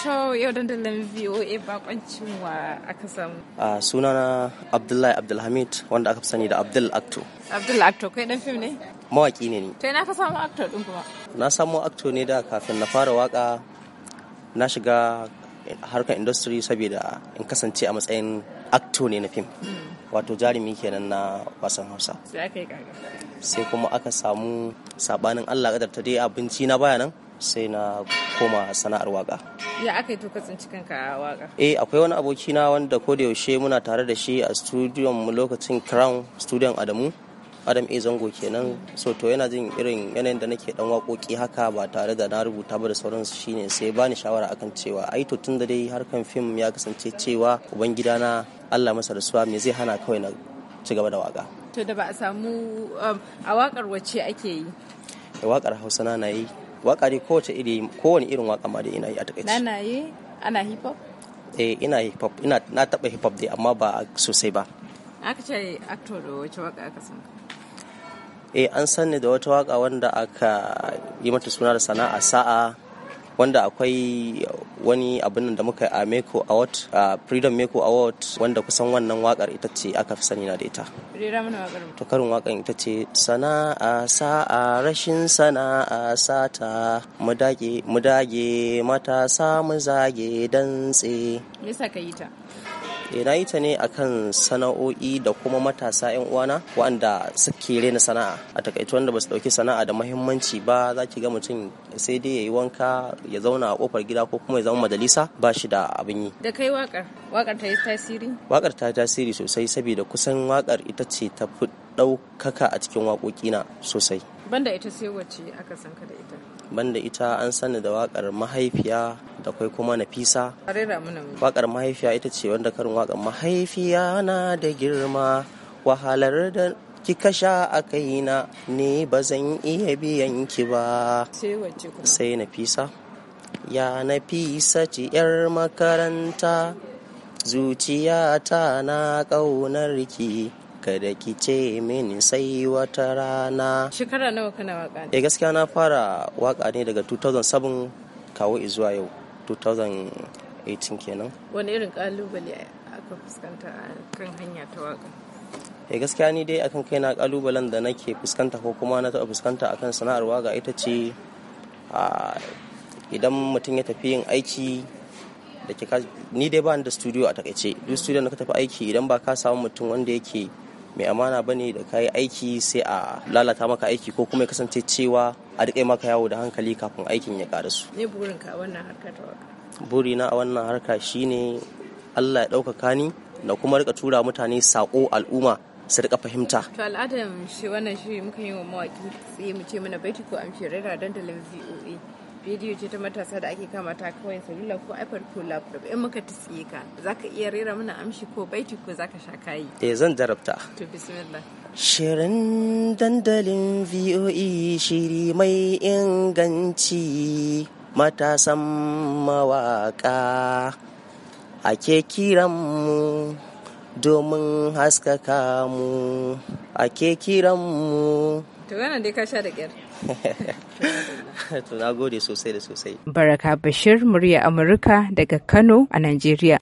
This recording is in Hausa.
To yau dandalin VOA bakoncin wa aka samu. Uh, sunana Abdullahi Abdulhamid wanda aka fi sani da Abdul Akto. Abdul Akto kai dan fim ne? Mawaki ne ni. To ina ka samu Akto din kuma? Na samu Akto ne da kafin na fara waka na shiga harkar industry saboda in kasance a matsayin Akto ne na fim. Hmm. Wato jarumi kenan na wasan Hausa. Sai aka yi Sai kuma aka samu sabanin Allah kadar ta dai abinci na baya nan. sai na koma sana'ar waka ya aka yi cikin ka waka eh akwai wani abokina wanda ko da yaushe muna tare da shi a studion mu lokacin crown studion adamu adam a zango kenan so to yana jin irin yanayin da nake dan wakoki haka ba tare da na rubuta ba da sauransu shine sai bani shawara akan cewa ai to tun da dai harkan fim ya kasance cewa ubangidana Allah masa rasuwa me zai hana kawai na ci gaba da waka to da ba a samu um, a wakar wacce ake yi wakar hausa na yi wakari ko kowace iri ko wani irin waka ma dai ina yi a takaice ana yi ana hip hop eh ina hip hop ina na taba hip hop dai amma ba sosai ba aka ce actor da wace waka aka san eh an ne da wata waka wanda aka yi mata suna da sana'a sa'a wanda akwai wani abin da muka a Meko Award a Freedom Meko Award wanda kusan wannan wakar ita ce aka fi sani na da ita. To karin wakar ita ce sana'a sa'a rashin sana'a sata mudage mudage mu dage matasa mu zage dantse. Me yasa ka yi ta? Eh, na yi ta ne akan sana'o'i da kuma matasa yan uwana waɗanda suke rena sana'a a takaice wanda ba su ɗauki sana'a da muhimmanci ba za ki ga mutum sai dai ya yi wanka ya zauna a kofar gida ko kuma ya zama majalisa ba shi da abin yi da kai wakar wakar ta yi tasiri wakar ta yi tasiri sosai saboda kusan wakar ita ce ta ɗaukaka a cikin waƙoƙina sosai banda ita sai wacce aka san ka da ita banda ita an sani da wakar mahaifiya da kwai kuma nafisa wakar mahaifiya ita ce wanda karin wakar mahaifiya na da girma wahalar da kika sha a kaina ne ba zan iya biyan ki ba sai nafisa ya fisa ci yar makaranta zuciyata na ƙaunar ki kada ki ce mini sai wata rana shekara nawa kana waka ne eh gaskiya na fara waka ne daga 2007 kawo zuwa yau 2018 kenan wani irin kalubale aka fuskanta a kan hanya ta waka eh gaskiya ni dai akan kai na kalubalen da nake fuskanta ko kuma na taɓa fuskanta akan sana'ar waka ita ce idan mutum ya tafi yin aiki da ke ni dai ba da studio a takaice duk studio da ka tafi aiki idan ba ka samu mutum wanda yake mai amana bane da kayi aiki sai a lalata maka aiki ko kuma ya kasance cewa a duka maka yawo da hankali kafin aikin ya karasu. Ne burinka a wannan harkar ta waka? Burina a wannan harka shine Allah ya ɗaukaka ni da kuma rika tura mutane sako al'umma su rika fahimta. To al'adam wannan shi muka yi wa mawaƙi sai mu ce mana baiti ko amshi rera dandalin VOA. bidiyo ce ta matasa da ake kama ta kawai salula ko ipad ko laptop in muka tsiye ka zaka iya rera mana amshi ko baiti ko za ka sha kayi eh zan jarabta to bismillah shirin dandalin VOE shiri mai inganci matasan mawaka ake kiran mu domin haskaka mu ake kiran mu to wannan dai ka sha da kyar to na gode sosai da sosai baraka bashir murya amurka daga kano a najeriya